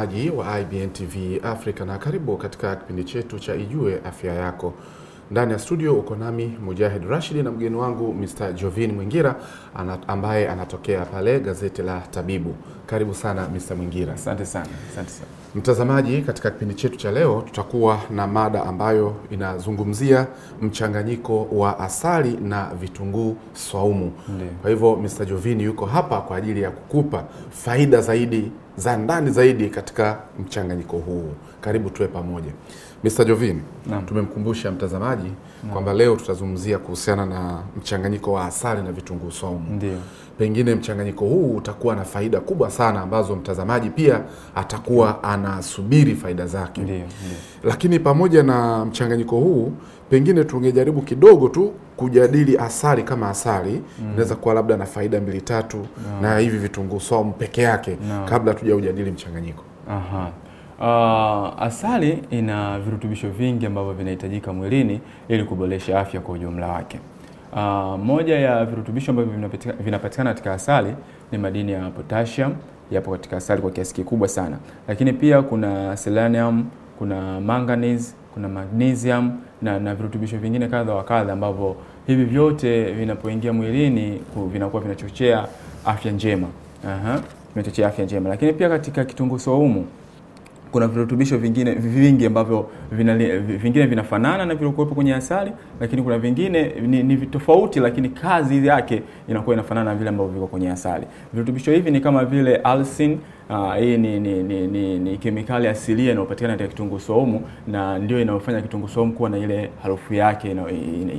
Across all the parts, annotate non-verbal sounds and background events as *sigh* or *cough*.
mtazamaji wa IBN TV Africa na karibu katika kipindi chetu cha Ijue Afya Yako. Ndani ya studio uko nami Mujahid Rashidi na mgeni wangu Mr. Jovin Mwingira ambaye anatokea pale gazeti la Tabibu. Karibu sana Mr. Mwingira. Asante sana. Asante sana. Mtazamaji, katika kipindi chetu cha leo tutakuwa na mada ambayo inazungumzia mchanganyiko wa asali na vitunguu swaumu. Kwa hivyo Mr. Jovini yuko hapa kwa ajili ya kukupa faida zaidi za ndani zaidi katika mchanganyiko huu. Karibu tuwe pamoja. Mr. Jovini, tumemkumbusha mtazamaji kwamba leo tutazungumzia kuhusiana na mchanganyiko wa asali na vitunguu saumu pengine mchanganyiko huu utakuwa na faida kubwa sana ambazo mtazamaji pia atakuwa anasubiri faida zake. Ndiyo, ndiyo. Lakini pamoja na mchanganyiko huu pengine tungejaribu kidogo tu kujadili asali kama asali mm. inaweza mm. kuwa labda na faida mbili tatu no. na hivi vitunguu saumu peke yake no. kabla tuja ujadili mchanganyiko. Aha. Uh, asali ina virutubisho vingi ambavyo vinahitajika mwilini ili kuboresha afya kwa ujumla wake. Uh, moja ya virutubisho ambavyo vinapatikana katika asali ni madini ya potassium yapo katika asali kwa kiasi kikubwa sana, lakini pia kuna selenium, kuna manganese, kuna magnesium na, na virutubisho vingine kadha wa kadha ambavyo hivi vyote vinapoingia mwilini vinakuwa vinachochea afya njema. Aha, vinachochea afya njema, lakini pia katika kitunguu saumu kuna virutubisho vingine vingi ambavyo vina, vingine vinafanana na vilivyokuwepo kwenye asali, lakini kuna vingine ni, ni tofauti, lakini kazi yake inakuwa inafanana na vile ambavyo viko kwenye asali. Virutubisho hivi ni kama vile alsin Ah, hii ni, ni, ni, ni, ni kemikali asilia inayopatikana katika kitunguu saumu na ndio inayofanya kitunguu saumu kuwa na ile harufu yake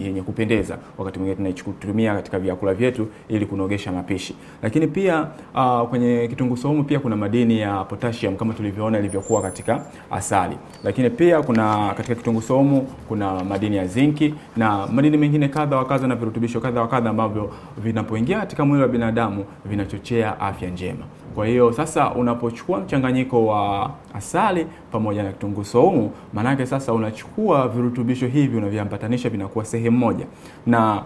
yenye kupendeza. Wakati mwingine tunaichukutumia katika vyakula vyetu ili kunogesha mapishi, lakini pia uh, kwenye kitunguu saumu pia kuna madini ya potassium kama tulivyoona ilivyokuwa katika asali, lakini pia kuna katika kitunguu saumu kuna madini ya zinki na madini mengine kadha wa kadha na virutubisho kadha wa kadha ambavyo vinapoingia katika mwili wa binadamu vinachochea afya njema. Kwa hiyo sasa unapochukua mchanganyiko wa asali pamoja na kitunguu saumu, maanake sasa unachukua virutubisho hivi unaviambatanisha, vinakuwa sehemu moja na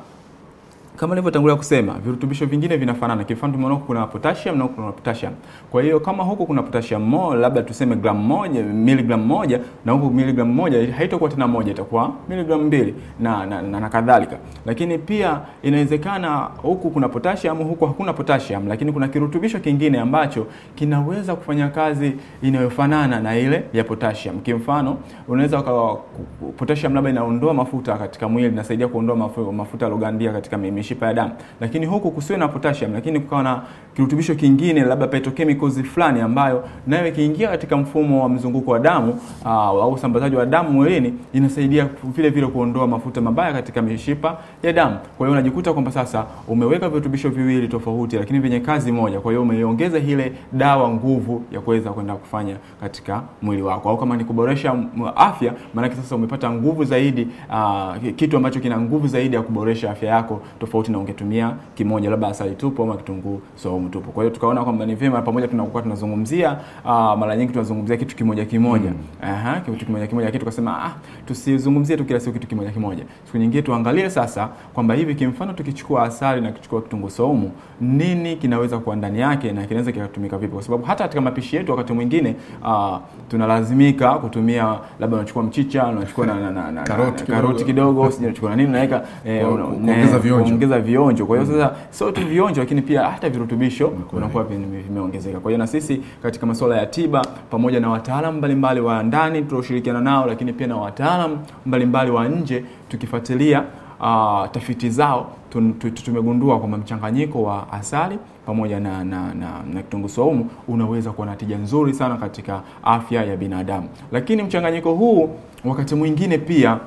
kama nilivyotangulia kusema virutubisho vingine vinafanana. Kwa mfano tumeona kuna potassium na kuna potassium. Kwa hiyo kama huko kuna potassium mo, labda tuseme gram moja, miligram moja, na huko miligram moja, haitakuwa tena moja, itakuwa miligram mbili na, na, na, na kadhalika. Lakini pia inawezekana huku kuna potassium, huko hakuna potassium, lakini kuna kirutubisho kingine ambacho kinaweza kufanya kazi inayofanana na ile ya potassium. Kwa mfano unaweza kwa potassium labda inaondoa mafuta katika mwili, inasaidia kuondoa mafuta, logandia katika mimi mishipa ya damu, lakini huku kusiwe na potassium, lakini kukawa na kirutubisho kingine labda petrochemicals fulani ambayo nayo ikiingia katika mfumo wa mzunguko wa damu ah, au uh, usambazaji wa damu mwilini inasaidia vile vile kuondoa mafuta mabaya katika mishipa ya damu. Kwa hiyo unajikuta kwamba sasa umeweka virutubisho viwili tofauti, lakini vyenye kazi moja. Kwa hiyo umeiongeza ile dawa nguvu ya kuweza kwenda kufanya katika mwili wako, au kama ni kuboresha afya, maanake sasa umepata nguvu zaidi, uh, kitu ambacho kina nguvu zaidi ya kuboresha afya yako tofauti tofauti na ungetumia kimoja labda asali tupu au kitunguu saumu tupu. Kwa hiyo tukaona kwamba ni vyema pamoja tunakuwa tunazungumzia uh, mara nyingi tunazungumzia kitu kimoja kimoja. Mm. Aha, kitu kimoja kimoja kitu tukasema ah, tusizungumzie tu kila siku kitu kimoja kimoja. Siku nyingine tuangalie sasa kwamba hivi kimfano tukichukua asali na kuchukua kitunguu saumu nini kinaweza kuwa ndani yake na kinaweza kikatumika vipi? Kwa sababu hata katika mapishi yetu wakati mwingine uh, tunalazimika kutumia labda unachukua mchicha, unachukua na, na, na, na, na, na, na, na, karoti kidogo, sijui unachukua nini, unaweka eh, kuongeza eh, vionjo kuongeza vionjo. Kwa hiyo mm. sasa sio tu vionjo, lakini pia hata virutubisho mm, vinakuwa vimeongezeka. Kwa hiyo na sisi katika masuala ya tiba pamoja na wataalamu mbalimbali wa ndani tunaoshirikiana nao, lakini pia na wataalamu mbalimbali wa nje tukifuatilia Uh, tafiti zao tumegundua kwamba mchanganyiko wa asali pamoja na, na, na, na kitunguu saumu unaweza kuwa na tija nzuri sana katika afya ya binadamu, lakini mchanganyiko huu wakati mwingine pia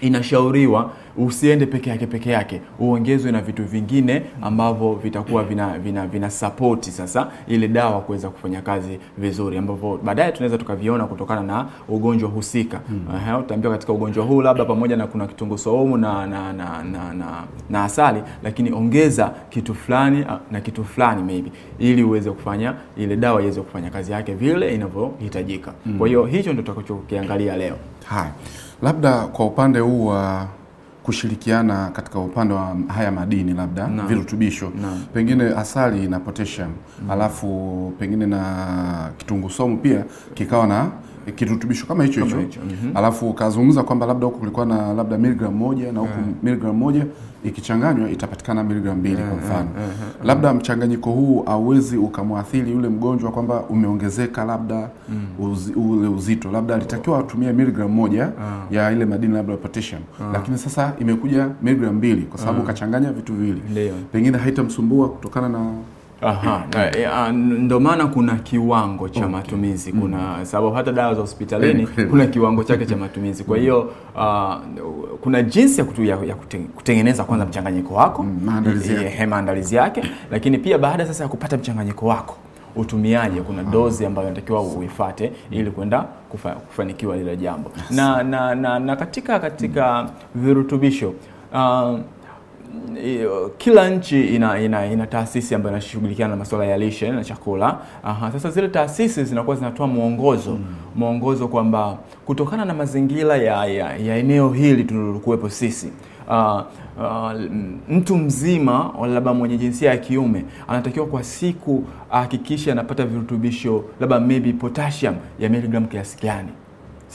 inashauriwa usiende peke yake peke yake, uongezwe na vitu vingine ambavyo vitakuwa vina, vina, vina sapoti sasa ile dawa kuweza kufanya kazi vizuri, ambavyo baadaye tunaweza tukaviona kutokana na ugonjwa husika. Hmm. Utaambiwa katika ugonjwa huu labda pamoja na kuna kitunguu saumu na na, na, na, na na asali, lakini ongeza kitu fulani ah, na kitu fulani maybe, ili uweze kufanya ile dawa iweze kufanya kazi yake vile inavyohitajika. Hmm. Kwa hiyo hicho ndio tutakachokiangalia leo. Hai. Labda kwa upande huu wa uh kushirikiana katika upande wa haya madini labda na virutubisho na, pengine asali na potassium mm. alafu pengine na kitungusomu pia kikawa na Eh, kirutubisho kama hicho hicho mhm. Alafu kazungumza kwamba labda huko kulikuwa na labda miligram moja na huku yeah. miligram moja ikichanganywa itapatikana miligram mbili yeah, kwa eh, mfano yeah, yeah, yeah. Eh. Labda mchanganyiko huu auwezi ukamwathiri yule mgonjwa kwamba umeongezeka labda mm. uzi, ule uzito labda alitakiwa atumie miligram moja yeah. ya ile madini labda potassium yeah. Lakini sasa imekuja miligram mbili kwa sababu yeah. ukachanganya vitu viwili, pengine haitamsumbua kutokana na Aha, mm. eh, ah, ndo maana kuna kiwango cha okay. matumizi mm. kuna sababu hata dawa za hospitalini *laughs* kuna kiwango chake cha matumizi. Kwa mm. hiyo uh, kuna jinsi ya, kutu, ya, ya kutengeneza kwanza mchanganyiko wako maandalizi eh, yake, eh, yake, lakini pia baada sasa ya kupata mchanganyiko wako utumiaje, kuna ah. dozi ambayo natakiwa uifate ili kwenda kufa, kufanikiwa lile jambo na, na, na, na katika, katika virutubisho uh, Uh, kila nchi ina, ina, ina taasisi ambayo inashughulikiana na masuala ya lishe na chakula. Aha, sasa zile taasisi zinakuwa zinatoa mwongozo hmm. mwongozo mm. kwamba kutokana na mazingira ya, ya, ya eneo hili tulilokuwepo sisi Uh, uh, mtu mzima labda mwenye jinsia ya kiume anatakiwa kwa siku ahakikishe anapata virutubisho labda maybe potassium ya miligramu kiasi gani?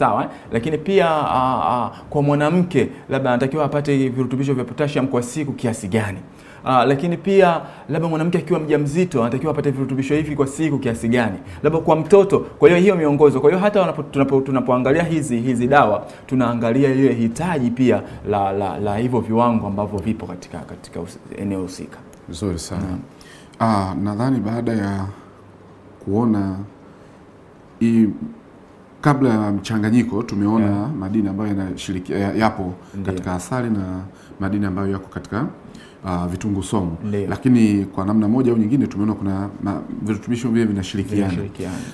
sawa eh? Lakini pia a, ah, a, ah, kwa mwanamke labda anatakiwa apate virutubisho vya potassium kwa siku kiasi gani? Uh, lakini pia labda mwanamke akiwa mjamzito anatakiwa apate virutubisho hivi kwa siku kiasi gani, labda kwa mtoto. Kwa hiyo hiyo miongozo, kwa hiyo hata tunapo, tunapoangalia hizi hizi dawa tunaangalia ile hitaji pia la, la, la hivyo viwango ambavyo vipo katika, katika eneo husika. Vizuri sana nadhani baada ya kuona hii kabla ya mchanganyiko tumeona yeah. madini ambayo ya, yapo katika asali na madini ambayo yako katika uh, vitunguu somo, lakini kwa namna moja au nyingine tumeona kuna virutubisho vile vinashirikiana,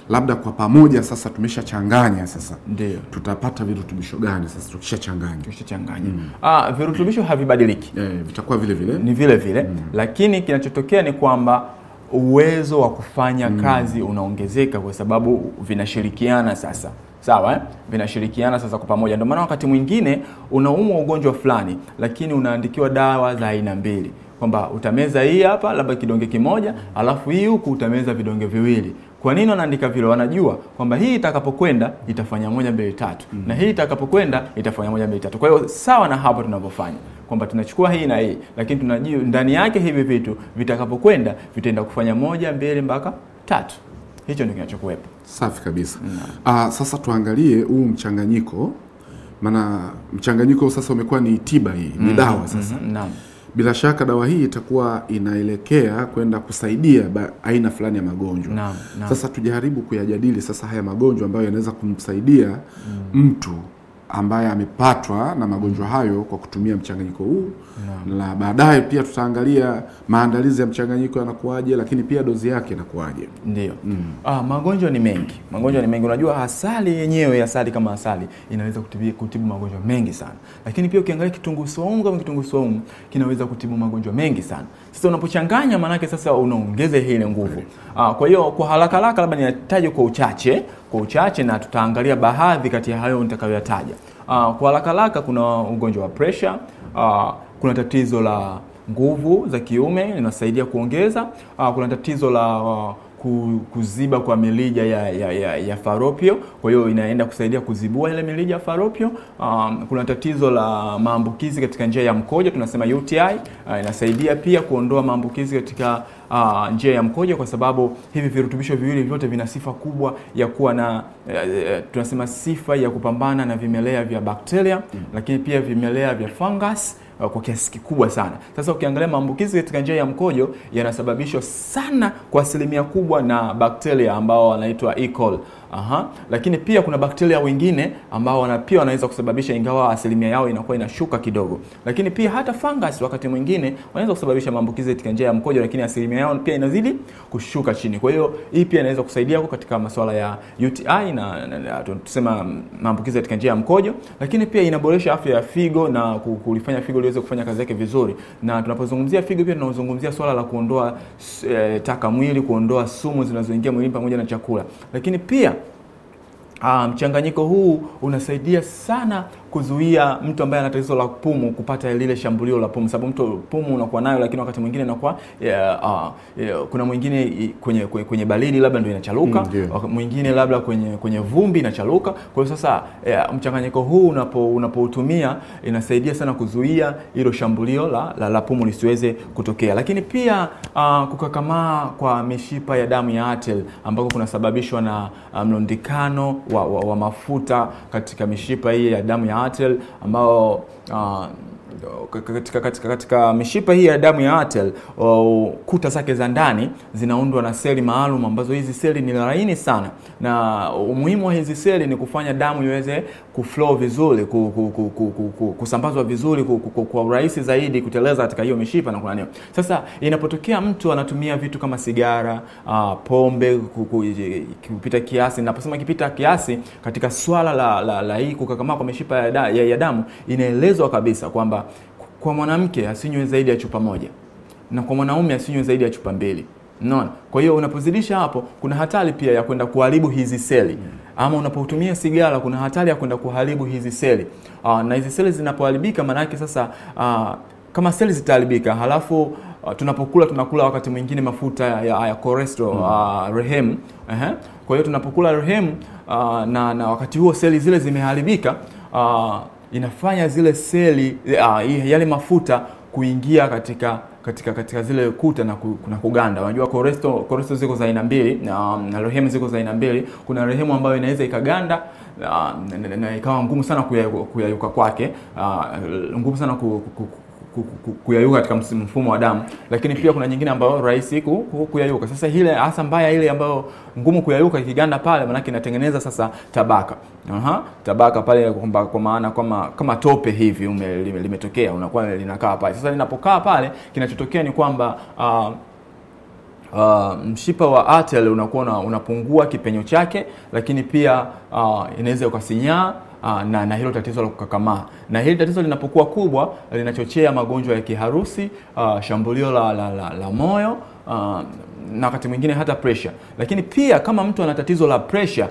labda kwa pamoja. Sasa tumeshachanganya sasa, Ndiyo. tutapata virutubisho gani sasa tukishachanganya? Tukishachanganya mm. ah, virutubisho havibadiliki yeah, vitakuwa vile vile, ni vile vile mm. lakini kinachotokea ni kwamba uwezo wa kufanya mm. kazi unaongezeka kwa sababu vinashirikiana sasa sawa eh? vinashirikiana sasa kwa pamoja. Ndio maana wakati mwingine unaumwa ugonjwa fulani, lakini unaandikiwa dawa za aina mbili, kwamba utameza hii hapa labda kidonge kimoja, alafu hii huku utameza vidonge viwili. Kwa nini wanaandika vile? Wanajua kwamba hii itakapokwenda itafanya moja mbili tatu, mm. na hii itakapokwenda itafanya moja mbili tatu. Kwa hiyo sawa na hapo tunavyofanya kwamba tunachukua hii na hii, lakini tunajua ndani yake hivi vitu vitakapokwenda vitaenda kufanya moja, mbili mpaka tatu. Hicho ndio kinachokuwepo. Safi kabisa. Mm. Aa, ah, sasa tuangalie huu mchanganyiko, maana mchanganyiko sasa umekuwa ni tiba hii, ni mm. dawa sasa mm -hmm. Naam. Bila shaka dawa hii itakuwa inaelekea kwenda kusaidia aina fulani ya magonjwa na, na. Sasa tujaribu kuyajadili sasa haya magonjwa ambayo yanaweza kumsaidia mm. mtu ambaye amepatwa na magonjwa hayo kwa kutumia mchanganyiko huu na baadaye pia tutaangalia maandalizi ya mchanganyiko yanakuaje, lakini pia dozi yake inakuaje. Ndio mm. Ah, magonjwa ni mengi, magonjwa ni mengi. Unajua asali yenyewe, asali kama asali inaweza kutibia, kutibu magonjwa mengi sana, lakini pia ukiangalia kitunguu saumu kama kitunguu saumu kinaweza kutibu magonjwa mengi sana. Sasa unapochanganya, maanake sasa unaongeza ile nguvu. Ah, kwa hiyo kwa haraka haraka labda nitaje kwa uchache, kwa uchache na tutaangalia baadhi kati ya hayo nitakayoyataja. Ah, kwa haraka haraka kuna ugonjwa wa pressure, ah, kuna tatizo la nguvu za kiume, linasaidia kuongeza. Ah, kuna tatizo la ah, kuziba kwa milija ya, ya, ya, ya faropio, kwa hiyo inaenda kusaidia kuzibua ile milija ya faropio. Um, kuna tatizo la maambukizi katika njia ya mkojo tunasema UTI. Uh, ah, inasaidia pia kuondoa maambukizi katika uh, njia ya mkojo, kwa sababu hivi virutubisho viwili vyote vina sifa kubwa ya kuwa na uh, tunasema sifa ya kupambana na vimelea vya bakteria, mm, lakini pia vimelea vya fungus Uh, kwa kiasi kikubwa sana. Sasa ukiangalia maambukizi katika njia ya mkojo yanasababishwa sana kwa asilimia kubwa na bakteria ambao wanaitwa E. coli Aha. Lakini pia kuna bakteria wengine ambao wana pia wanaweza kusababisha, ingawa asilimia yao inakuwa inashuka kidogo. Lakini pia hata fungus wakati mwingine wanaweza kusababisha maambukizi katika njia ya mkojo, lakini asilimia yao pia inazidi kushuka chini. Kwa hiyo hii pia inaweza kusaidia huko katika masuala ya UTI na, na, na tunasema maambukizi katika njia ya mkojo, lakini pia inaboresha afya ya figo na kulifanya figo liweze kufanya kazi yake vizuri. Na tunapozungumzia figo pia tunazungumzia swala la kuondoa e, taka mwili, kuondoa sumu zinazoingia mwilini pamoja na chakula, lakini pia Ah, mchanganyiko um, huu unasaidia sana kuzuia mtu ambaye ana tatizo la pumu kupata lile shambulio la pumu, sababu mtu pumu unakuwa nayo, lakini wakati mwingine inakuwa yeah, uh, yeah, kuna mwingine kwenye kwenye baridi labda ndio inachaluka mm, yeah. Mwingine labda kwenye kwenye vumbi inachaluka. Kwa hiyo sasa yeah, mchanganyiko huu unapo unapoutumia inasaidia sana kuzuia hilo shambulio la, la, la pumu lisiweze kutokea, lakini pia uh, kukakamaa kwa mishipa ya damu ya atel ambako kunasababishwa na ah, mlundikano um, wa, wa, wa mafuta katika mishipa hii ya damu ya ya atel ambao uh, katika, katika, katika mishipa hii ya damu ya atel uh, oh, kuta zake za ndani zinaundwa na seli maalum ambazo hizi seli ni laini sana, na umuhimu wa hizi seli ni kufanya damu iweze kuflow vizuri ku, ku, ku, ku, ku, ku, kusambazwa vizuri ku, ku, ku, kwa urahisi zaidi kuteleza katika hiyo mishipa na kunanio. Sasa inapotokea mtu anatumia vitu kama sigara uh, pombe kupita kiasi, naposema kipita kiasi katika swala la, la, la hii kukakamaa kwa mishipa ya, da, ya, ya damu, inaelezwa kabisa kwamba kwa, kwa mwanamke asinywe zaidi ya chupa moja na kwa mwanaume asinywe zaidi ya chupa mbili. Unaona, kwa hiyo unapozidisha hapo, kuna hatari pia ya kwenda kuharibu hizi seli mm ama unapotumia sigara kuna hatari ya kwenda kuharibu hizi seli uh, na hizi seli zinapoharibika yake sasa uh, kama seli zitaharibika halafu ah, tunapokula tunakula wakati mwingine mafuta ya, ya, ya cholesterol mm. uh, rehemu uh-huh. kwa hiyo tunapokula rehemu uh, na, na wakati huo seli zile zimeharibika uh, inafanya zile seli uh, yale mafuta kuingia katika katika katika zile kuta na kuna kuganda. Unajua koresto koresto ziko za aina mbili na, na rehemu ziko za aina mbili. Kuna rehemu ambayo inaweza ikaganda na, na, na, na ikawa ngumu sana kuyayuka kwake, ah, ngumu sana ku, ku, ku, kuyayuka katika mfumo wa damu, lakini pia kuna nyingine ambayo rahisi kuyayuka. Sasa ile hasa mbaya ile ambayo ngumu kuyayuka, ikiganda pale, maanake inatengeneza sasa tabaka Aha, tabaka pale, kwa maana kama kama tope hivi limetokea, unakuwa linakaa pale. Sasa linapokaa pale, kinachotokea ni kwamba uh, Uh, mshipa wa atel unakuwa unapungua kipenyo chake, lakini pia uh, inaweza ukasinyaa aa, ah, na, na hilo tatizo la kukakamaa. Na hili tatizo linapokuwa kubwa linachochea magonjwa ya kiharusi, aa, ah, shambulio la, la, la, la moyo aa, ah, na wakati mwingine hata pressure. Lakini pia kama mtu ana tatizo la pressure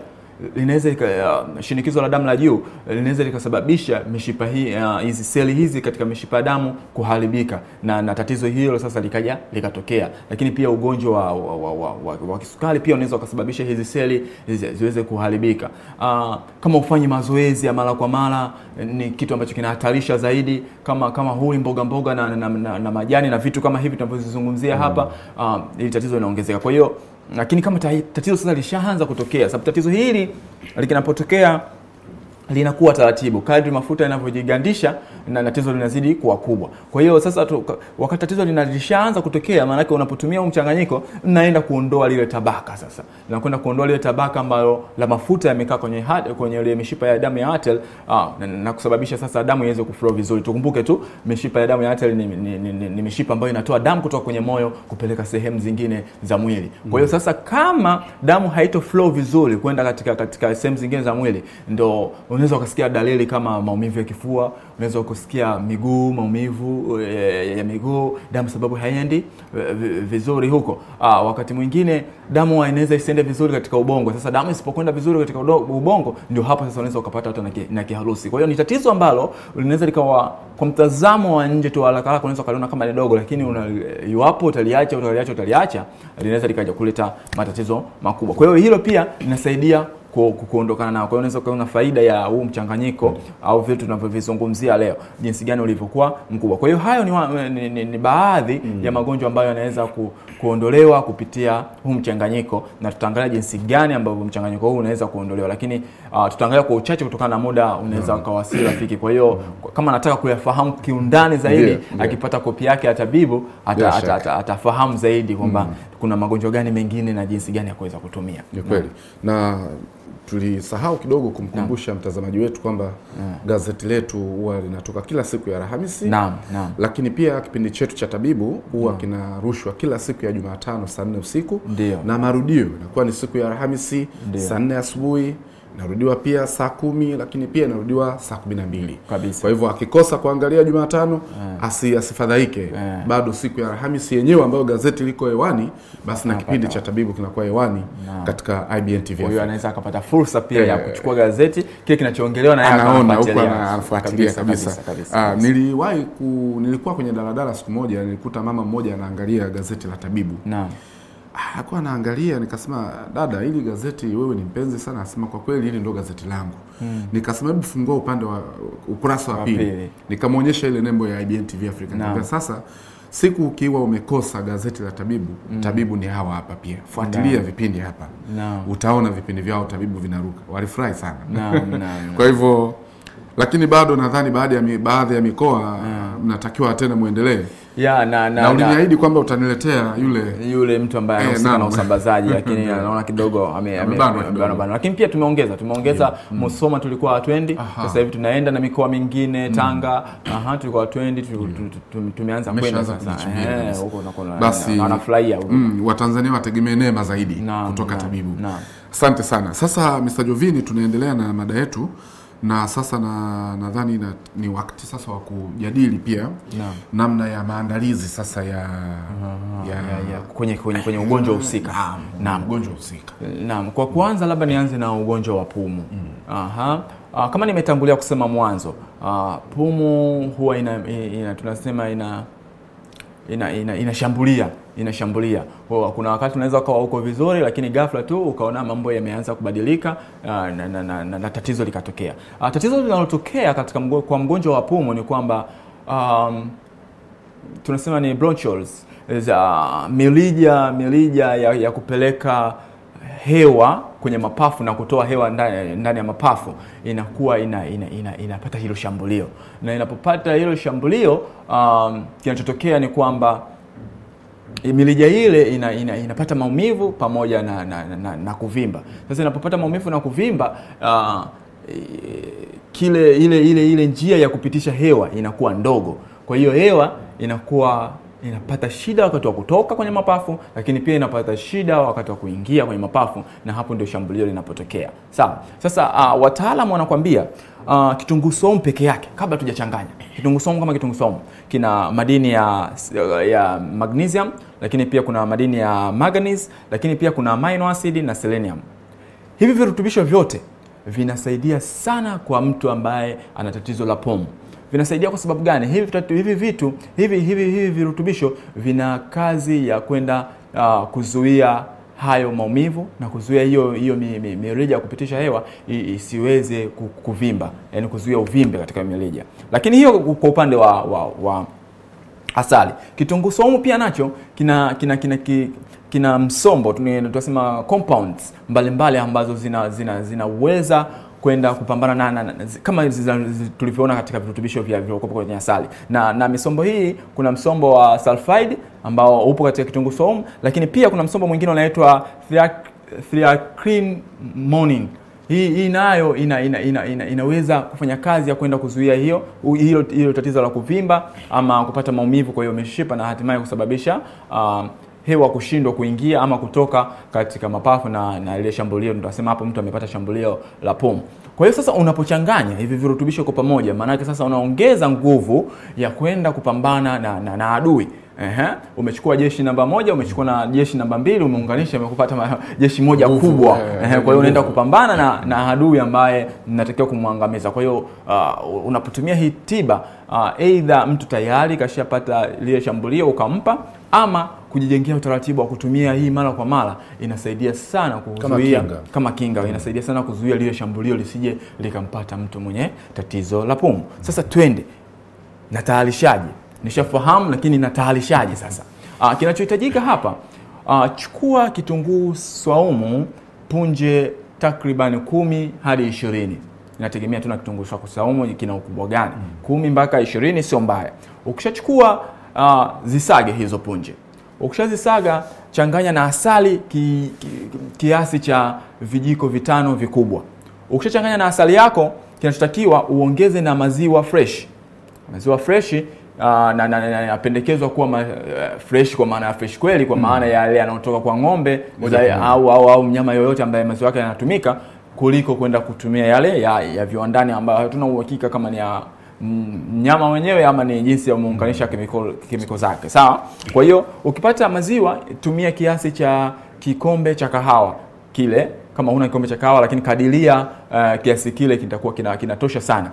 linaweza uh, shinikizo la damu la juu linaweza likasababisha mishipa hii hizi uh, seli hizi katika mishipa ya damu kuharibika na, na tatizo hilo sasa likaja likatokea. Lakini pia ugonjwa wa, wa, wa, wa, wa, wa kisukari pia unaweza ukasababisha hizi seli ziweze kuharibika. Uh, kama ufanyi mazoezi ya mara kwa mara ni kitu ambacho kinahatarisha zaidi. Kama kama huli mboga mboga na, na, na, na majani na vitu kama hivi tunavyozizungumzia hapa, uh, mm. ah, ili tatizo linaongezeka. Kwa hiyo lakini kama tatizo sasa lishaanza kutokea, sababu tatizo hili linapotokea linakuwa taratibu kadri mafuta yanavyojigandisha na tatizo linazidi kuwa kubwa. Kwa hiyo sasa tu, wakati tatizo linalishaanza kutokea, maanake unapotumia huu mchanganyiko naenda kuondoa lile tabaka sasa, linakwenda kuondoa lile tabaka ambalo la mafuta yamekaa kwenye hat, kwenye ile mishipa ya damu ya atel ah, na, na kusababisha sasa damu iweze kuflow vizuri. Tukumbuke tu mishipa ya damu ya atel ni, ni, ni, ni, ni mishipa ambayo inatoa damu kutoka kwenye moyo kupeleka sehemu zingine za mwili. Kwa hiyo mm. sasa kama damu haito flow vizuri kwenda katika katika sehemu zingine za mwili ndo unaweza ukasikia dalili kama maumivu ya kifua, unaweza kusikia miguu, maumivu eh, ya miguu, damu sababu haiendi eh, vizuri huko. Aa, ah, wakati mwingine damu inaweza isiende vizuri katika ubongo. Sasa damu isipokwenda vizuri katika ubongo, ndio hapo sasa unaweza ukapata hata na kiharusi. Kwa hiyo ni tatizo ambalo linaweza likawa kwa mtazamo wa nje tu haraka haraka unaweza ukaliona kama ni dogo, lakini una, iwapo utaliacha utaliacha utaliacha linaweza likaja kuleta matatizo makubwa. Kwa hiyo hilo pia linasaidia kuondokana nao. Kwa hiyo unaweza kuona faida ya huu mchanganyiko mm. au vitu tunavyovizungumzia leo, jinsi gani ulivyokuwa mkubwa. Kwa hiyo hayo ni, ni, ni, ni baadhi mm. ya magonjwa ambayo yanaweza ku, kuondolewa kupitia huu mchanganyiko, na tutaangalia jinsi gani ambavyo mchanganyiko huu unaweza kuondolewa, lakini uh, tutaangalia kwa uchache kutokana na muda unaweza mm. ukawasili rafiki. Kwa hiyo kama anataka kuyafahamu kiundani zaidi yeah, yeah. akipata kopi yake ya tabibu atafahamu ata, ata, ata, ata zaidi kwamba mm kuna magonjwa gani mengine na jinsi gani ya kuweza kutumia. Ni kweli na tulisahau kidogo kumkumbusha mtazamaji wetu kwamba gazeti letu huwa linatoka kila siku ya Alhamisi, lakini pia kipindi chetu cha tabibu huwa kinarushwa kila siku ya Jumatano saa nne usiku Ndiyo. na marudio inakuwa ni siku ya Alhamisi saa nne asubuhi inarudiwa pia saa kumi lakini pia inarudiwa saa kumi na mbili kabisa. Kwa hivyo akikosa kuangalia Jumatano yeah. asi, asifadhaike yeah. bado siku ya Alhamisi yenyewe ambayo gazeti liko hewani basi na kipindi cha tabibu kinakuwa hewani katika IBN TV. anaweza akapata fursa pia yeah. ya eh. kuchukua gazeti kile kinachoongelewa na anaona huko anafuatilia kabisa. Ah, niliwahi ku, nilikuwa kwenye daladala siku moja nilikuta mama mmoja anaangalia gazeti la tabibu no hakuwa naangalia, nikasema dada, hili gazeti wewe ni mpenzi sana. Asema kwa kweli hili ndo gazeti langu. Hmm. Nikasema hebu fungua upande wa ukurasa wa pili, nikamwonyesha ile nembo ya IBN TV Africa. Nikamwambia sasa, siku ukiwa umekosa gazeti la tabibu mm. tabibu ni hawa hapa pia, fuatilia vipindi hapa, utaona vipindi vyao tabibu vinaruka. Walifurahi sana *laughs* kwa hivyo lakini bado nadhani baadhi ya baadhi ya mikoa hmm. eh, mnatakiwa yeah. tena muendelee ya na, na, na uliniahidi kwamba utaniletea yule yule mtu ambaye eh, anahusika eh, na usambazaji lakini anaona *laughs* kidogo amebanwa, lakini pia tumeongeza tumeongeza hmm. Musoma yeah. tulikuwa hatuendi, sasa hivi tunaenda na mikoa mingine hmm. Tanga. Aha, tulikuwa hatuendi, tumeanza kwenda sasa eh, huko, na basi wanafurahia mm, Watanzania wategemee neema zaidi kutoka Tabibu. Asante sana. Sasa Mr. Jovini, tunaendelea na mada yetu na sasa nadhani na, ni wakati sasa wa kujadili pia namna ya maandalizi sasa ya, ya, ya, ya kwenye, kwenye, kwenye ugonjwa husika ah, naam, ugonjwa husika naam. Kwa kwanza labda nianze na ugonjwa wa pumu mm. Aha. uh, kama nimetangulia kusema mwanzo uh, pumu huwa ina, ina, ina, tunasema ina inashambulia ina, ina inashambulia. Kwa kuna wakati unaweza ukawa uko vizuri, lakini ghafla tu ukaona mambo yameanza kubadilika na, na, na, na, na tatizo likatokea. Uh, tatizo linalotokea katika mgo, kwa mgonjwa wa pumu ni kwamba um, tunasema ni bronchioles za milija milija ya, ya kupeleka hewa kwenye mapafu na kutoa hewa ndani, ndani ya mapafu inakuwa ina, ina, ina, inapata hilo shambulio, na inapopata hilo shambulio um, kinachotokea ni kwamba mirija ile ina, ina, inapata maumivu pamoja na, na, na, na kuvimba. Sasa inapopata maumivu na kuvimba uh, kile ile ile ile njia ya kupitisha hewa inakuwa ndogo, kwa hiyo hewa inakuwa inapata shida wakati wa kutoka kwenye mapafu, lakini pia inapata shida wakati wa kuingia kwenye mapafu, na hapo ndio shambulio linapotokea. Sawa. Sasa uh, wataalamu wanakuambia uh, kitunguu saumu peke yake, kabla tujachanganya kitunguu saumu kama kitunguu saumu, kina madini ya, ya magnesium, lakini pia kuna madini ya manganese, lakini pia kuna amino acid na selenium. Hivi virutubisho vyote vinasaidia sana kwa mtu ambaye ana tatizo la POM. Vinasaidia kwa sababu gani? Hivi vitu hivi vitu hivi hivi, hivi virutubisho vina kazi ya kwenda uh, kuzuia hayo maumivu na kuzuia hiyo hiyo mirija ya kupitisha hewa isiweze kuvimba, yani kuzuia uvimbe katika mirija. Lakini hiyo kwa upande wa, wa, wa asali. Kitunguu saumu pia nacho kina kina kina, kina, kina msombo tunasema compounds mbalimbali mbali ambazo zinaweza zina, zina kwenda kupambana na, na, na kama tulivyoona katika virutubisho vya vilivyokuwa kwenye asali na, na misombo hii, kuna msombo wa sulfide ambao upo katika kitunguu saumu, lakini pia kuna msombo mwingine unaitwa thioacrylamine hii, hii nayo ina, ina, ina, ina, inaweza kufanya kazi ya kwenda kuzuia hiyo hilo tatizo la kuvimba ama kupata maumivu kwa hiyo mishipa na hatimaye kusababisha um, hewa kushindwa kuingia ama kutoka katika mapafu na, na ile shambulio tunasema hapo mtu amepata shambulio la pumu. Kwa hiyo sasa unapochanganya hivi virutubisho kwa pamoja, maanake sasa unaongeza nguvu ya kwenda kupambana na, na, na adui. Ehe, umechukua jeshi namba moja, umechukua na jeshi namba mbili, umeunganisha, umekupata *laughs* jeshi moja Ufu, kubwa. Eh, Ehe, kwa hiyo unaenda kupambana na, na adui ambaye natakiwa kumwangamiza. Kwa hiyo uh, unapotumia hii tiba uh, either mtu tayari kashapata lile shambulio ukampa, ama kujijengea utaratibu wa kutumia hii mara kwa mara inasaidia sana kuzuia kama, kama kinga mm. Inasaidia sana kuzuia lile shambulio lisije likampata mtu mwenye tatizo la pumu. Sasa twende na tayarishaji nishafahamu, lakini natayarishaje sasa? Ah, kinachohitajika hapa uh, chukua kitunguu swaumu punje takriban kumi hadi ishirini inategemea tuna kitunguu saumu kina ukubwa gani, mm. kumi mpaka ishirini sio mbaya. Ukishachukua uh, zisage hizo punje. Ukishazisaga changanya na asali ki, ki, kiasi cha vijiko vitano vikubwa. Ukishachanganya na asali yako, kinachotakiwa uongeze na maziwa fresh. Maziwa freshi Ah, na, na, na, inapendekezwa kuwa ma, eh, fresh kwa maana ya fresh kweli kwa mm. maana mm. ya yale yanayotoka kwa ng'ombe exactly. au, au, au mnyama yoyote ambaye maziwa yake yanatumika kuliko kwenda kutumia yale ya, ya viwandani ambayo hatuna uhakika kama ni ya mnyama wenyewe ama ni jinsi ya muunganisha mm. kemiko, kemiko zake sawa. Kwa hiyo ukipata maziwa tumia kiasi cha kikombe cha kahawa kile, kama huna kikombe cha kahawa lakini kadilia uh, kiasi kile kitakuwa kinatosha kina sana.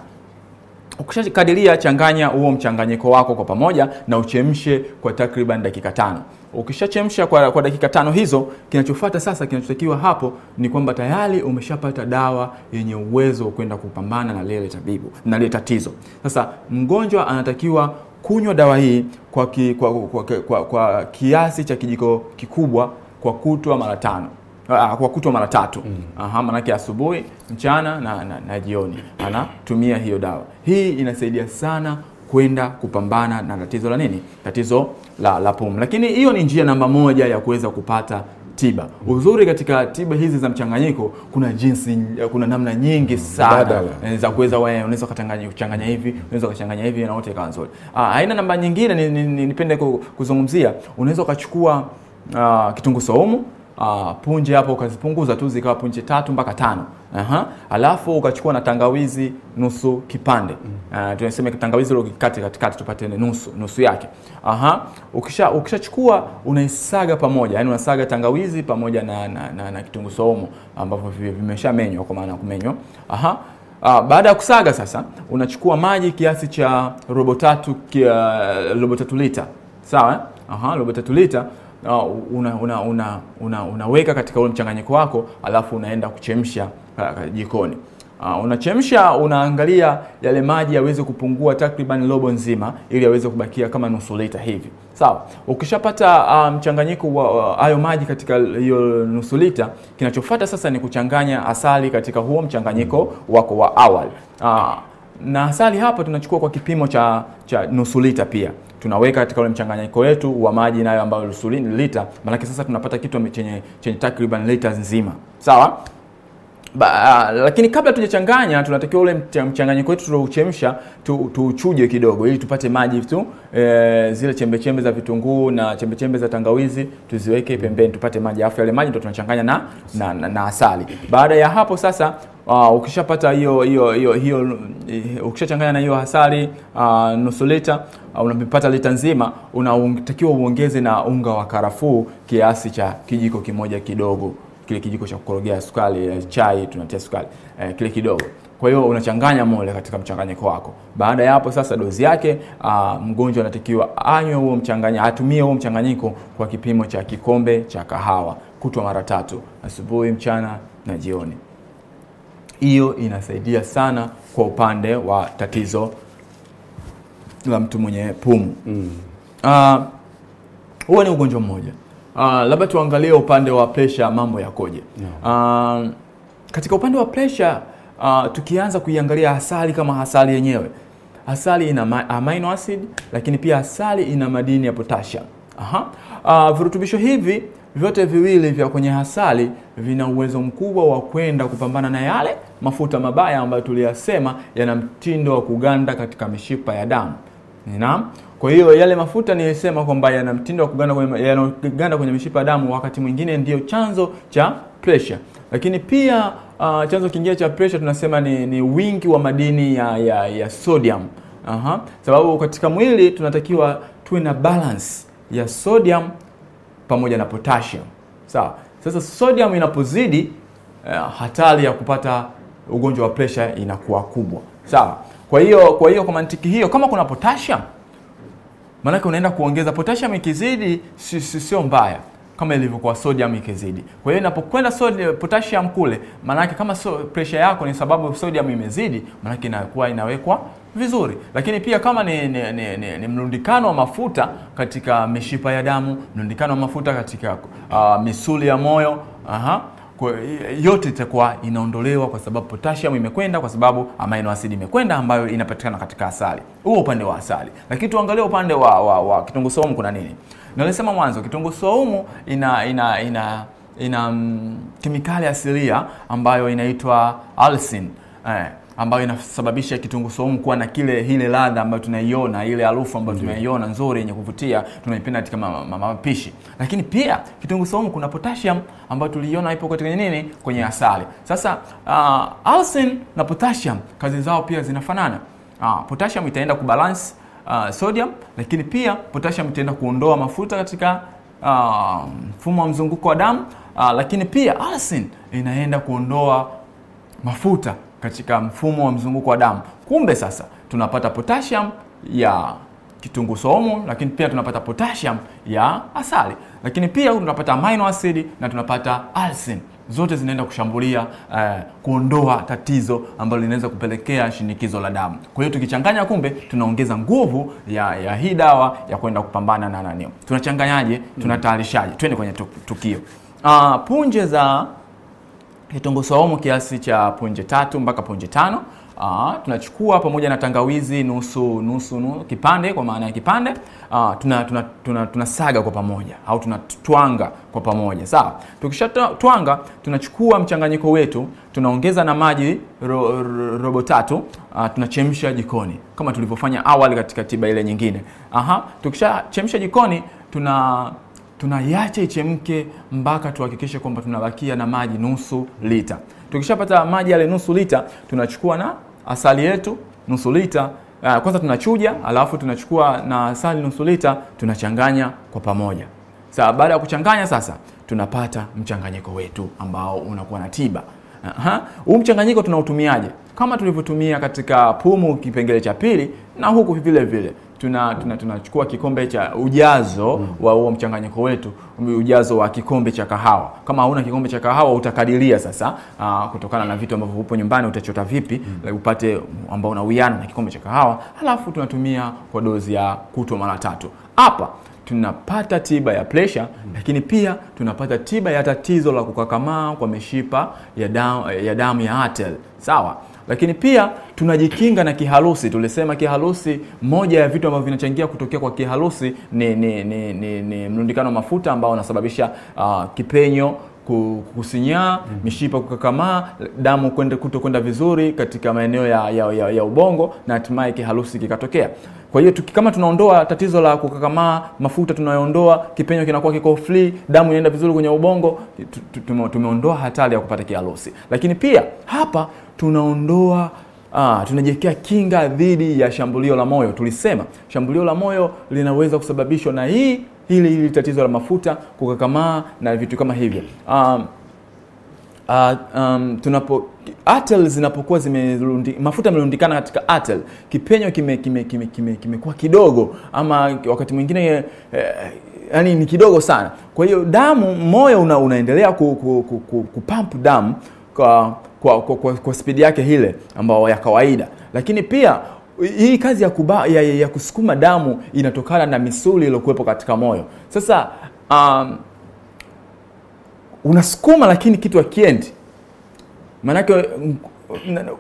Ukishakadiria changanya huo mchanganyiko wako kwa pamoja na uchemshe kwa takriban dakika tano. Ukishachemsha kwa, kwa dakika tano hizo, kinachofuata sasa, kinachotakiwa hapo ni kwamba tayari umeshapata dawa yenye uwezo wa kwenda kupambana na lile tabibu na lile tatizo. Sasa mgonjwa anatakiwa kunywa dawa hii kwa, ki, kwa, kwa, kwa, kwa, kwa kiasi cha kijiko kikubwa kwa kutwa mara tano uh, kwa kutwa mara tatu mm. Aha, manake asubuhi, mchana na, na, na jioni anatumia hiyo dawa. Hii inasaidia sana kwenda kupambana na tatizo la nini? Tatizo la, la pumu. Lakini hiyo ni njia namba moja ya kuweza kupata tiba. Uzuri katika tiba hizi za mchanganyiko kuna jinsi, kuna namna nyingi sana eh, za kuweza, wewe unaweza kuchanganya hivi, unaweza kuchanganya hivi na wote ikawa nzuri. Ah, aina namba nyingine nipende ni, ni, ni kuzungumzia, unaweza ukachukua uh, kitunguu saumu uh, punje hapo ukazipunguza tu zikawa punje tatu mpaka tano. Aha. Alafu ukachukua na tangawizi nusu kipande. Uh, tunasema tangawizi ile kikate katikati tupate nusu nusu yake. Aha. Ukisha ukishachukua unaisaga pamoja. Yaani unasaga tangawizi pamoja na na, na, na kitunguu saumu ambavyo vimeshamenywa kwa maana kumenywa. Aha. Ah, baada ya kusaga sasa unachukua maji kiasi cha robo tatu kia, ah, robo tatu lita. Sawa? Eh? Aha, robo tatu lita una, una, una, una, unaweka katika ule mchanganyiko wako, alafu unaenda kuchemsha jikoni. Uh, unachemsha, unaangalia yale maji yaweze kupungua takriban robo nzima, ili yaweze kubakia kama nusu lita hivi, sawa. Ukishapata mchanganyiko um, wa hayo uh, maji katika hiyo nusu lita, kinachofuata sasa ni kuchanganya asali katika huo mchanganyiko wako wa awali uh, na asali hapa tunachukua kwa kipimo cha, cha nusu lita pia tunaweka katika ule mchanganyiko wetu wa maji nayo ambayo lusulini lita, maanake sasa tunapata kitu chenye, chenye takriban lita nzima sawa. Ba, uh, lakini kabla tujachanganya tunatakiwa ule mchanganyiko wetu tulouchemsha tuuchuje tu kidogo ili tupate maji tu e, zile chembechembe za vitunguu na chembechembe za tangawizi tuziweke pembeni tupate maji, afu yale maji ndio tunachanganya na, na, na, na asali. Baada ya hapo sasa uh, ukishapata hiyo hiyo hiyo hiyo eh, ukishachanganya na hiyo asali uh, nusu lita uh, unapata lita nzima, unatakiwa uongeze na unga wa karafuu kiasi cha kijiko kimoja kidogo kile kijiko cha kukorogea sukari eh, chai tunatia sukari eh, kile kidogo. Kwa hiyo unachanganya mole katika mchanganyiko wako. Baada ya hapo sasa, dozi yake uh, mgonjwa anatakiwa anywe huo mchanganya atumie huo mchanganyiko kwa kipimo cha kikombe cha kahawa kutwa mara tatu, asubuhi, mchana na jioni. Hiyo inasaidia sana kwa upande wa tatizo la mtu mwenye pumu. Mm. uh, huo ni ugonjwa mmoja Uh, labda tuangalie upande wa pressure mambo yakoje? Yeah. Uh, katika upande wa pressure uh, tukianza kuiangalia asali kama asali yenyewe, asali ina amino acid, lakini pia asali ina madini ya potassium. Aha. Uh, virutubisho hivi vyote viwili vya kwenye asali vina uwezo mkubwa wa kwenda kupambana na yale mafuta mabaya ambayo tuliyasema yana mtindo wa kuganda katika mishipa ya damu. Naam. Kwa hiyo yale mafuta niliyosema kwamba yana mtindo wa kuganda kwenye, yanaganda kwenye mishipa ya damu, wakati mwingine ndiyo chanzo cha pressure. Lakini pia uh, chanzo kingine cha pressure tunasema ni, ni wingi wa madini ya, ya, ya sodium. Aha. Sababu katika mwili tunatakiwa tuwe na balance ya sodium pamoja na potassium. Sawa. Sasa sodium inapozidi uh, hatari ya kupata ugonjwa wa pressure inakuwa kubwa. Sawa. Kwa hiyo kwa hiyo kwa mantiki hiyo, kama kuna potassium maanake unaenda kuongeza potassium. Ikizidi sio si, si mbaya kama ilivyokuwa sodium ikizidi. Kwa hiyo inapokwenda potassium kule, maanake kama so, pressure yako ni sababu sodium imezidi, maanake inakuwa inawekwa vizuri. Lakini pia kama ni, ni, ni, ni, ni mlundikano wa mafuta katika mishipa ya damu, mlundikano wa mafuta katika uh, misuli ya moyo aha kwa yote itakuwa inaondolewa kwa sababu potassium imekwenda, kwa sababu amino asidi imekwenda ambayo inapatikana katika asali. Huo upande wa asali, lakini tuangalie upande wa, wa, wa kitunguu saumu kuna nini? Nalisema mwanzo kitunguu saumu ina ina ina ina mm, kemikali asilia ambayo inaitwa alsin eh ambayo inasababisha kitunguu saumu kuwa na kile ile ladha ambayo tunaiona, ile harufu ambayo tunaiona nzuri yenye kuvutia, tunaipenda katika mapishi. ma, ma, ma, Lakini pia kitunguu saumu kuna potassium ambayo tuliona ipo katika nini, kwenye asali. Sasa uh, alsin na potassium kazi zao pia zinafanana. Uh, potassium itaenda kubalance uh, sodium, lakini pia potassium itaenda kuondoa mafuta katika uh, mfumo uh, wa mzunguko wa damu uh, lakini pia alsin inaenda kuondoa mafuta katika mfumo wa mzunguko wa damu. Kumbe sasa tunapata potassium ya kitunguu saumu, lakini pia tunapata potassium ya asali, lakini pia tunapata amino acid na tunapata alsin. Zote zinaenda kushambulia eh, kuondoa tatizo ambalo linaweza kupelekea shinikizo la damu. Kwa hiyo tukichanganya, kumbe tunaongeza nguvu ya, ya hii dawa ya kwenda kupambana na nani. Tunachanganyaje? Tunatayarishaje? Twende kwenye tukio. Uh, punje za kitunguu saumu kiasi cha punje tatu mpaka punje tano. Aa, ah, tunachukua pamoja na tangawizi nusu nusu, nusu kipande kwa maana ya kipande. Aa, ah, tuna, tuna, tuna, tunasaga kwa pamoja au tunatwanga kwa pamoja sawa. Tukishatwanga tunachukua mchanganyiko wetu tunaongeza na maji ro, ro, robo tatu. Aa, ah, tunachemsha jikoni kama tulivyofanya awali katika tiba ile nyingine. Aha, tukishachemsha jikoni tuna tunaiacha ichemke mpaka tuhakikishe kwamba tunabakia na maji nusu lita. Tukishapata maji yale nusu lita, tunachukua na asali yetu nusu lita. Uh, kwanza tunachuja, alafu tunachukua na asali nusu lita, tunachanganya kwa pamoja. Sasa baada ya kuchanganya sasa, tunapata mchanganyiko wetu ambao unakuwa na tiba. Huu mchanganyiko tunautumiaje? Kama tulivyotumia katika pumu kipengele cha pili, na huku vile vile tunachukua tuna, tuna, kikombe cha ujazo mm. wa huo mchanganyiko wetu, ujazo wa kikombe cha kahawa. Kama hauna kikombe cha kahawa utakadiria sasa, aa, ah, kutokana na vitu ambavyo upo nyumbani utachota vipi mm. upate ambao unawiana na kikombe cha kahawa, halafu tunatumia kwa dozi ya kutwa mara tatu. Hapa tunapata tiba ya presha mm. lakini pia tunapata tiba ya tatizo la kukakamaa kwa mishipa ya damu ya, damu ya atel sawa. Lakini pia tunajikinga na kiharusi. Tulisema kiharusi, moja ya vitu ambavyo vinachangia kutokea kwa kiharusi ni, ni, ni, ni, ni mlundikano wa mafuta ambao unasababisha uh, kipenyo kusinyaa, mm -hmm. mishipa kukakamaa, damu kwenda kuto kwenda vizuri katika maeneo ya, ya, ya, ya ubongo na hatimaye kiharusi kikatokea. Kwa hiyo kama tunaondoa tatizo la kukakamaa, mafuta tunayoondoa, kipenyo kinakuwa kiko free, damu inaenda vizuri kwenye ubongo, tumeondoa hatari ya kupata kiharusi. Lakini pia hapa tunaondoa Ah, tunajiwekea kinga dhidi ya shambulio la moyo. Tulisema shambulio la moyo linaweza kusababishwa na hii hili hili tatizo la mafuta kukakamaa na vitu kama hivyo. Um, uh, um, tunapo atel zinapokuwa zimerundi, mafuta yamerundikana katika atel, kipenyo kime kime, kime, kime, kime kidogo ama wakati mwingine eh, yani ni kidogo sana. Kwa hiyo damu moyo una, unaendelea ku, ku, ku, ku, pump damu kwa kwa, kwa, kwa, kwa spidi yake ile ambayo ya kawaida lakini pia hii kazi ya, kuba, ya, ya kusukuma damu inatokana na misuli iliyokuwepo katika moyo sasa um, unasukuma lakini kitu akiendi maanake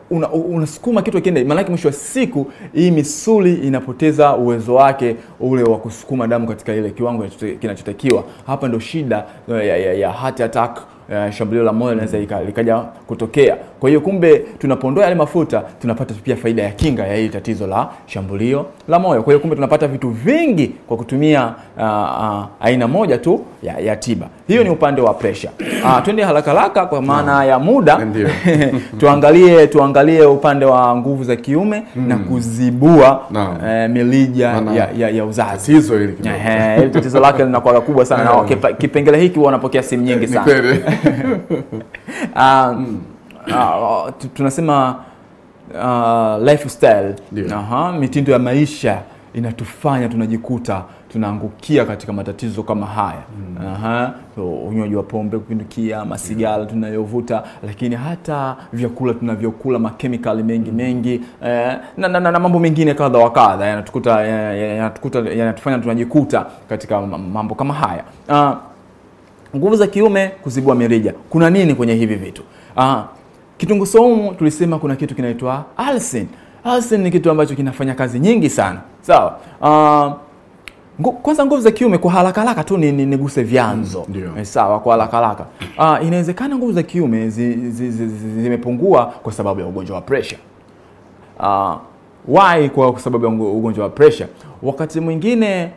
una, unasukuma kitu akienda maanake mwisho wa siku hii misuli inapoteza uwezo wake ule wa kusukuma damu katika ile kiwango kinachotakiwa hapa ndo shida eh, ya, ya, ya heart attack uh, shambulio la moyo linaweza likaja kutokea. Kwa hiyo kumbe, tunapondoa yale mafuta tunapata pia faida ya kinga ya hili tatizo la shambulio la moyo. Kwa hiyo kumbe, tunapata vitu vingi kwa kutumia uh, uh, aina moja tu ya, ya tiba. Hiyo ni upande wa pressure. Uh, twende haraka haraka kwa maana ya muda *laughs* tuangalie tuangalie upande wa nguvu za kiume mm. na kuzibua no. Uh, eh, milija ya, ya, ya uzazi. Tatizo hili kidogo. Eh, tatizo lake linakuwa kubwa sana na kipengele hiki wanapokea simu nyingi sana. uh, *laughs* mm uh, tunasema uh, lifestyle yeah. uh-huh, mitindo ya maisha inatufanya tunajikuta tunaangukia katika matatizo kama haya mm. Aha, so, unywaji wa pombe kupindukia, masigara yeah. tunayovuta, lakini hata vyakula tunavyokula, makemikali mengi mm. mengi eh, na, na, na, na mambo mengine kadha wa kadha yanatukuta yanatukuta yanatufanya tunajikuta katika mambo kama haya nguvu za kiume kuzibua mirija. Kuna nini kwenye hivi vitu ah, Kitunguu saumu tulisema kuna kitu kinaitwa alsin. Alsin ni kitu ambacho kinafanya kazi nyingi sana, sawa. Uh, kwanza nguvu za kiume kwa haraka haraka tu niguse ni, ni vyanzo mm, eh, sawa. Kwa haraka haraka uh, inawezekana nguvu za kiume zimepungua zi, zi, zi, zi kwa sababu ya ugonjwa wa pressure uh, why? Kwa sababu ya ugonjwa wa pressure, wakati mwingine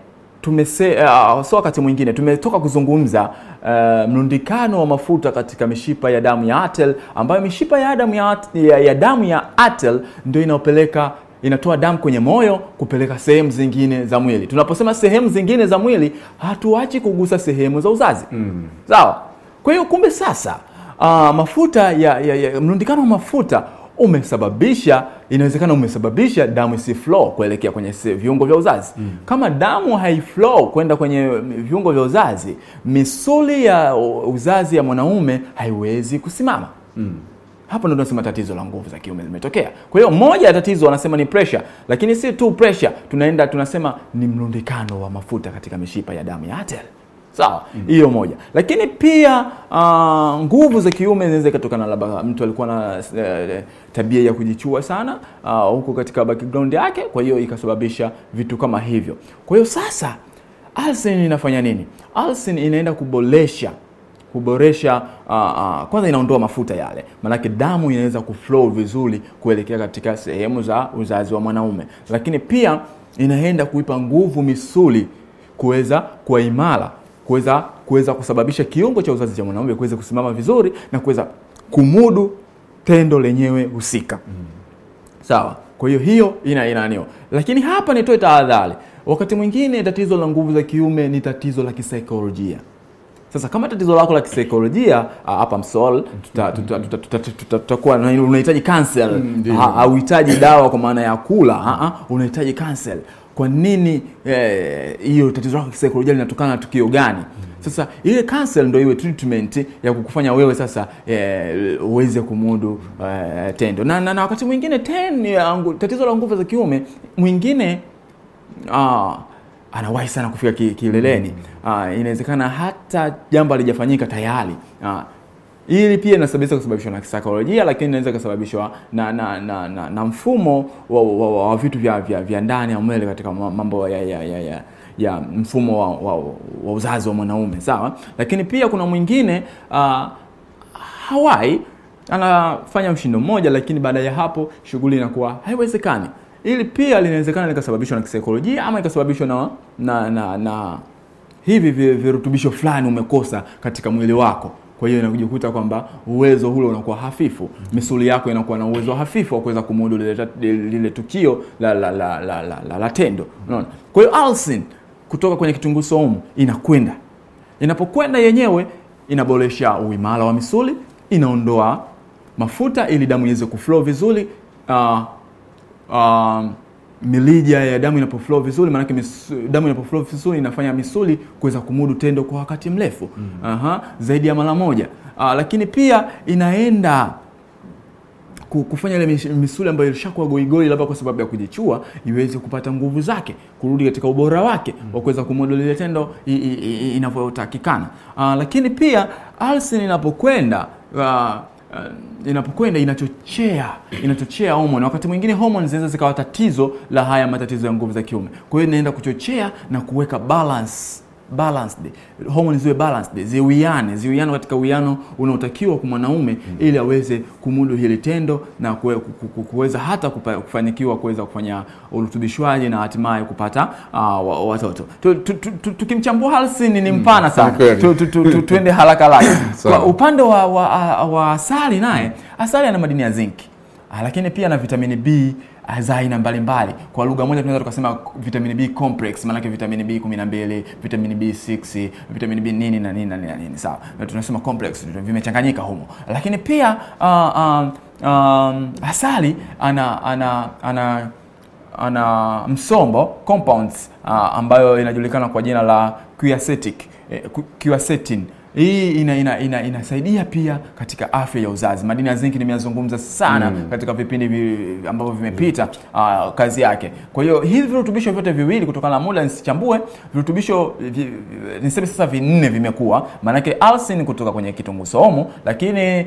tumese uh, so wakati mwingine tumetoka kuzungumza uh, mlundikano wa mafuta katika mishipa ya damu ya atel, ambayo mishipa ya damu ya, ya, ya damu ya atel ndio inayopeleka inatoa damu kwenye moyo kupeleka sehemu zingine za mwili. Tunaposema sehemu zingine za mwili, hatuachi kugusa sehemu za uzazi mm. Sawa. Kwa hiyo kumbe sasa, uh, mafuta ya, ya, ya mlundikano wa mafuta umesababisha inawezekana umesababisha damu flow kuelekea kwenye viungo vya uzazi mm. Kama damu haiflow kwenda kwenye viungo vya uzazi, misuli ya uzazi ya mwanaume haiwezi kusimama mm. Hapo ndio tunasema tatizo la nguvu za kiume limetokea. Kwa hiyo moja ya tatizo wanasema ni pressure, lakini si tu pressure, tunaenda tunasema ni mlundikano wa mafuta katika mishipa ya damu ya ateli sawa hiyo mm. moja lakini pia uh, nguvu za kiume zinaweza ikatokana labda mtu alikuwa na uh, tabia ya kujichua sana uh, huko katika background yake kwa hiyo ikasababisha vitu kama hivyo kwa hiyo sasa alsin inafanya nini alsin inaenda kuboresha kuboresha uh, uh, kwanza inaondoa mafuta yale maanake damu inaweza kuflow vizuri kuelekea katika sehemu za uzazi wa mwanaume lakini pia inaenda kuipa nguvu misuli kuweza kuwa imara kuweza kuweza kusababisha kiungo cha uzazi cha mwanaume kuweza kusimama vizuri na kuweza kumudu tendo lenyewe husika mm. Sawa. Kwa hiyo hiyo ina inanio, lakini hapa nitoe tahadhari. Wakati mwingine tatizo la nguvu za kiume ni tatizo la kisaikolojia. Sasa kama tatizo lako la kisaikolojia hapa Msol, tutakuwa unahitaji counsel, mm, hauhitaji dawa kwa maana ya kula, unahitaji counsel kwa nini eh, hiyo eh, tatizo lako kisaikolojia linatokana na tukio gani? Sasa ile counsel ndio iwe treatment ya kukufanya wewe sasa eh, uweze kumudu eh, tendo na, na, na wakati mwingine ten, angu, tatizo la nguvu za kiume mwingine ah, anawahi sana kufika kileleni ki ah, inawezekana hata jambo alijafanyika tayari ah, Hili pia inasababisha kusababishwa na kisaikolojia, lakini inaweza kusababishwa na na, na, na, na mfumo wa, wa, wa, wa vitu vya, vya, vya ndani ya mwili katika mambo ya, ya, ya, ya, ya mfumo wa, wa, wa uzazi wa mwanaume sawa. Lakini pia kuna mwingine uh, ah, hawai anafanya mshindo mmoja, lakini baada ya hapo shughuli inakuwa haiwezekani. Hili pia linawezekana likasababishwa na kisaikolojia ama ikasababishwa na, na, na, na hivi virutubisho fulani umekosa katika mwili wako. Kwa hiyo inakujikuta kwamba uwezo ule unakuwa hafifu, misuli yako inakuwa na uwezo hafifu wa kuweza kumudu lile, lile tukio la, la, la, la, la, la, la tendo. Unaona, kwa hiyo alsin kutoka kwenye kitunguu saumu inakwenda, inapokwenda yenyewe inaboresha uimara wa misuli, inaondoa mafuta ili damu iweze kuflow vizuri. Uh, uh, milija ya damu inapoflow vizuri, maanake damu inapoflow vizuri inafanya misuli kuweza kumudu tendo kwa wakati mrefu mm -hmm. Aha, zaidi ya mara moja. Aa, ah, lakini pia inaenda kufanya ile misuli ambayo ilishakuwa goigoi labda kwa sababu ya kujichua iweze kupata nguvu zake kurudi katika ubora wake mm. wa kuweza kumudu ile tendo inavyotakikana. Ah, lakini pia alsin inapokwenda uh, uh, inapokwenda inachochea inachochea homoni, wakati mwingine homoni zinaweza zikawa tatizo la haya matatizo ya nguvu za kiume. Kwa hiyo inaenda kuchochea na kuweka balance balanced, hormones ziwe balanced, ziwiane, ziwiane katika uwiano unaotakiwa kwa mwanaume mm -hmm. ili aweze kumudu hili tendo na kuweza hata kufanikiwa kuweza kufanya urutubishwaji na hatimaye kupata uh, watoto. Tukimchambua halsi ni mm, mpana sana, tuende haraka haraka. *coughs* Kwa upande wa, wa, wa, wa asali naye, asali ana madini ya zinc ah, lakini pia na vitamini B za aina mbalimbali. Kwa lugha moja tunaweza tukasema vitamini B complex, maana yake vitamini B12, vitamini B6, vitamini B nini na nini na nini nini, sawa? Tunasema complex vimechanganyika humo. Lakini pia uh, uh, um, asali ana ana ana ana msombo compounds uh, ambayo inajulikana kwa jina la quercetic, eh, quercetin hii inasaidia ina, ina, ina pia katika afya ya uzazi. Madini ya zinki nimeyazungumza sana mm. katika vipindi vi, ambavyo vimepita mm. uh, kazi yake. Kwa hiyo hivi virutubisho vyote viwili kutokana na muda nisichambue virutubisho vi, niseme sasa vinne vimekuwa maanake alsin kutoka kwenye kitunguu saumu, lakini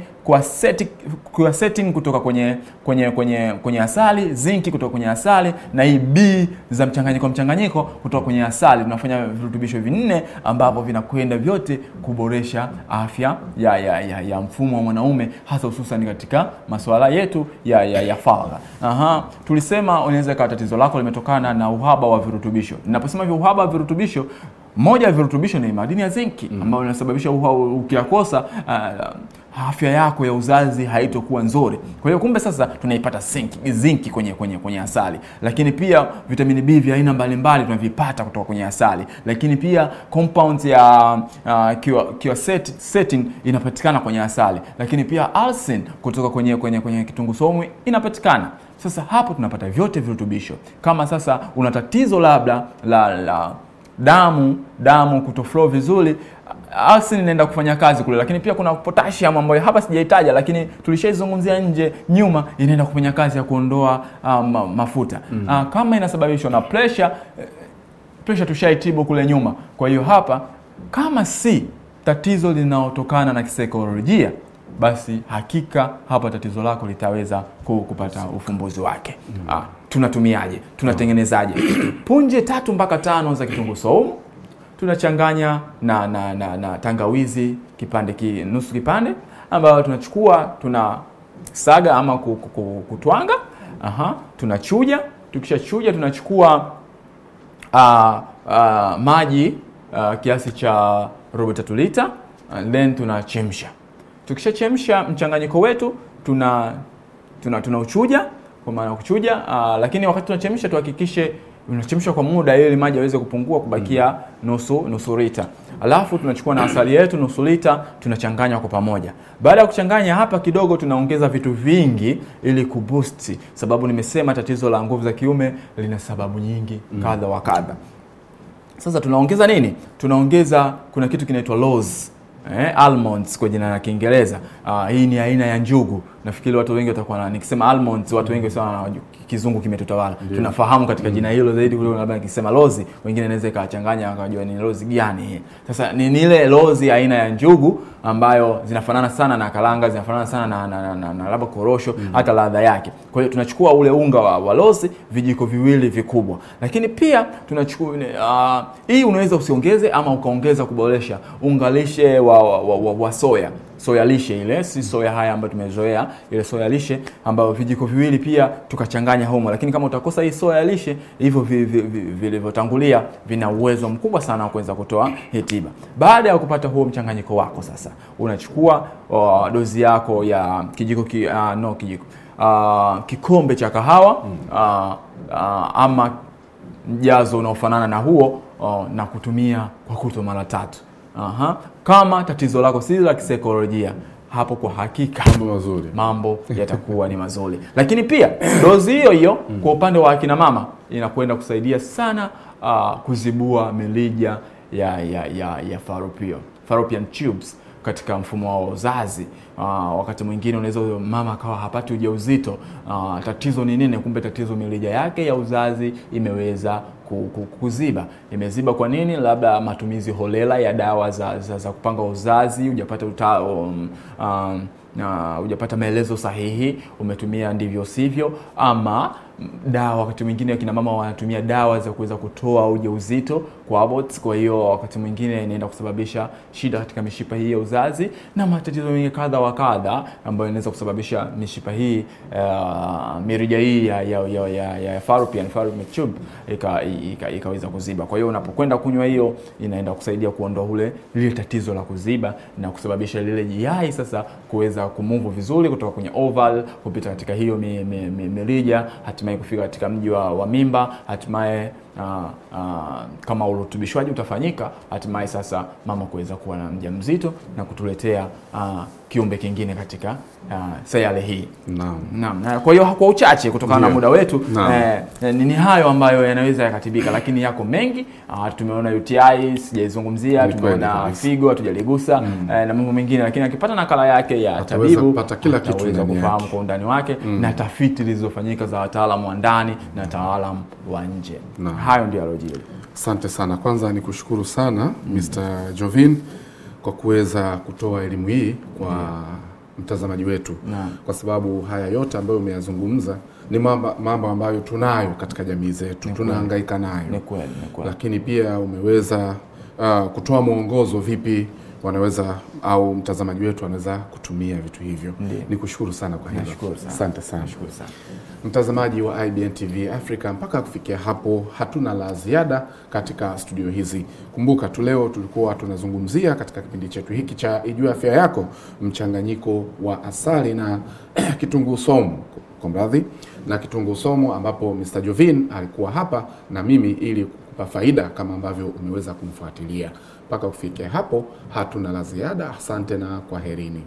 quercetin kutoka kwenye kwenye kwenye kwenye asali, zinki kutoka kwenye asali na hii B za mchanganyiko mchanganyiko kutoka kwenye asali, tunafanya virutubisho vinne ambavyo vinakwenda vyote kuboresha kuboresha afya ya, ya, ya, ya mfumo wa mwanaume hasa hususan katika masuala yetu ya, ya, ya faragha. Aha, tulisema unaweza ikawa tatizo lako limetokana na uhaba wa virutubisho. Ninaposema hivyo uhaba wa virutubisho moja ya virutubisho ni madini ya zinki mm, mm-hmm. ambayo inasababisha ukiyakosa uh, afya yako ya uzazi haitokuwa nzuri. Kwa hiyo kumbe sasa tunaipata zinki, kwenye, kwenye, kwenye asali, lakini pia vitamini B vya aina mbalimbali tunavipata kutoka kwenye asali, lakini pia compounds ya uh, kiwa, kiwa set, setting inapatikana kwenye asali, lakini pia alsin kutoka kwenye, kwenye, kwenye kitungu saumu inapatikana. Sasa hapo tunapata vyote virutubisho. Kama sasa una tatizo labda la, la damu damu kutoflow vizuri alsin ah, inaenda kufanya kazi kule, lakini pia kuna potassium ambayo hapa sijaitaja, lakini tulishaizungumzia nje nyuma, inaenda kufanya kazi ya kuondoa um, mafuta mm -hmm. uh, kama inasababishwa na pressure, eh, pressure tushaitibu kule nyuma. Kwa hiyo hapa kama si tatizo linaotokana na kisaikolojia basi hakika hapa tatizo lako litaweza kupata ufumbuzi wake. mm -hmm. Ah, tunatumiaje? Tunatengenezaje? *clears throat* punje tatu mpaka tano za kitunguu saumu tunachanganya na, na, na, na tangawizi kipande ki, nusu kipande ambayo tunachukua tuna saga ama kutwanga. Aha, tunachuja. Tukishachuja tunachukua uh, uh, maji uh, kiasi cha robo tatu lita and then tunachemsha. Tukishachemsha mchanganyiko wetu tuna tunauchuja tuna kwa maana kuchuja uh, lakini wakati tunachemsha tuhakikishe unachemsha kwa muda ili maji yaweze kupungua kubakia mm. nusu nusu lita. Alafu tunachukua na asali yetu nusu lita tunachanganya kwa pamoja. Baada ya kuchanganya hapa kidogo tunaongeza vitu vingi ili kuboost, sababu nimesema tatizo la nguvu za kiume lina sababu nyingi mm. kadha wa kadha. Sasa tunaongeza nini? Tunaongeza kuna kitu kinaitwa lozi Eh, almonds kwa jina la Kiingereza. Uh, hii ni aina ya njugu. Nafikiri watu wengi watakuwa na nikisema almonds watu wengi mm-hmm. sana wanajua kizungu kimetutawala yeah. Tunafahamu katika jina hilo zaidi kuliko labda nikisema lozi, wengine naweza ikawachanganya wakajua ni lozi gani hii. Sasa ni ile lozi aina ya njugu ambayo zinafanana sana na karanga, zinafanana sana na, na, na, na, na labda korosho mm. hata ladha yake. Kwa hiyo tunachukua ule unga wa, wa lozi vijiko viwili vikubwa, lakini pia tunachukua uh, hii unaweza usiongeze ama ukaongeza kuboresha unga lishe wa, wa, wa, wa, wa soya soya lishe ile, si soya haya ambayo tumezoea, ile soya lishe ambayo vijiko viwili pia tukachanganya humo Lakini kama utakosa hii soya lishe, hivyo vilivyotangulia vina uwezo mkubwa sana wa kuweza kutoa hitiba Baada ya kupata huo mchanganyiko wako, sasa unachukua uh, dozi yako ya kijiko ki, uh, no kijiko uh, kikombe cha kahawa uh, uh, ama mjazo unaofanana na huo uh, na kutumia kwa kuto mara tatu Aha. Kama tatizo lako si la kisaikolojia hapo kwa hakika mambo mazuri, mambo *laughs* yatakuwa ni mazuri. Lakini pia *clears throat* dozi hiyo hiyo mm. kwa upande wa akina mama inakwenda kusaidia sana uh, kuzibua milija ya, ya, ya, ya fallopian, fallopian tubes katika mfumo wa uzazi. Uh, wakati mwingine unaweza mama akawa hapati ujauzito. Uh, tatizo ni nini? Kumbe tatizo mirija yake ya uzazi imeweza kuziba. Imeziba kwa nini? Labda matumizi holela ya dawa za, za, za kupanga uzazi, hujapata uta, um, um, hujapata uh, maelezo sahihi, umetumia ndivyo sivyo, ama dawa. Wakati mwingine akina mama wanatumia dawa za kuweza kutoa ujauzito kwa abots. Kwa hiyo wakati mwingine inaenda kusababisha shida katika mishipa hii ya uzazi na matatizo mengi kadha wa kadha ambayo inaweza kusababisha mishipa hii uh, mirija hii ya, ya, ya, ya, ya fallopian fallopian tube ikaweza ika, ika kuziba. Kwa hiyo unapokwenda kunywa hiyo inaenda kusaidia kuondoa ule lile tatizo la kuziba na kusababisha lile jiai sasa kuweza kumuvu vizuri kutoka kwenye oval kupita katika hiyo mirija mi, mi, mi, hatimaye kufika katika mji wa, wa mimba hatimaye uh, uh, kama urutubishwaji utafanyika, hatimaye sasa mama kuweza kuwa na mjamzito na kutuletea uh, kiumbe kingine katika uh, sayari hii. Naam. Naam. Kwa hiyo kwa uchache kutokana na muda wetu eh, eh ni hayo ambayo yanaweza yakatibika, lakini yako mengi uh, tumeona UTI sijaizungumzia, tumeona figo hatujaligusa mm. eh, na mambo mengine, lakini akipata nakala yake ya tabibu pata kila kitu kufahamu kwa undani wake mm. na tafiti zilizofanyika za wataalamu wa ndani na mm. wataalamu wa nje. Hayo ndio yalojiri. Asante sana, kwanza ni kushukuru sana mm. Mr. Jovin kwa kuweza kutoa elimu hii kwa mtazamaji wetu na, kwa sababu haya yote ambayo umeyazungumza ni mambo ambayo tunayo katika jamii zetu, tunahangaika nayo, lakini pia umeweza uh, kutoa mwongozo vipi wanaweza au mtazamaji wetu anaweza kutumia vitu hivyo. Ni kushukuru sana kwa hilo, asante sana. Mtazamaji wa IBN TV Africa, mpaka kufikia hapo hatuna la ziada katika studio hizi. Kumbuka tu leo tulikuwa tunazungumzia katika kipindi chetu hiki cha Ijue Afya Yako mchanganyiko wa asali na *clears throat* kitunguu kwa mradhi na kitunguu somo ambapo Mr. Jovin alikuwa hapa na mimi ili kukupa faida kama ambavyo umeweza kumfuatilia mpaka ufike hapo. Hatuna la ziada, asante na kwaherini.